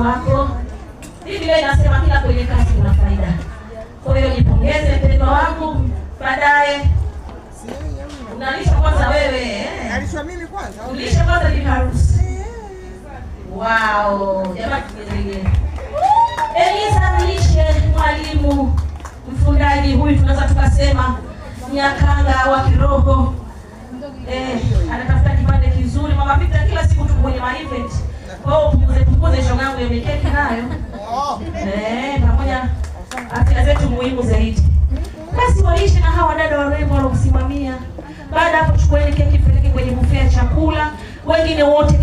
ufanisi wako. Mimi leo nasema kila kwenye kazi kuna faida. Kwa hiyo nipongeze mpendwa wangu, baadaye unalisha kwanza wewe, eh? nalisha mimi kwanza, ulisha kwanza ni harusi. Wow, jamani, tumelegea Eliza mlishe mwalimu mfundaji huyu, tunaweza tukasema nyakanga wa kiroho eh, anatafuta kipande kizuri mama Vita kila siku tuko kwenye maevent kwao position yangu yameketi nayo eh, pamoja asili zetu muhimu zaidi. Basi waishi na hawa dada warembo walokusimamia. Baada hapo, chukueni keki, peleke kwenye bufea ya chakula, wengine wote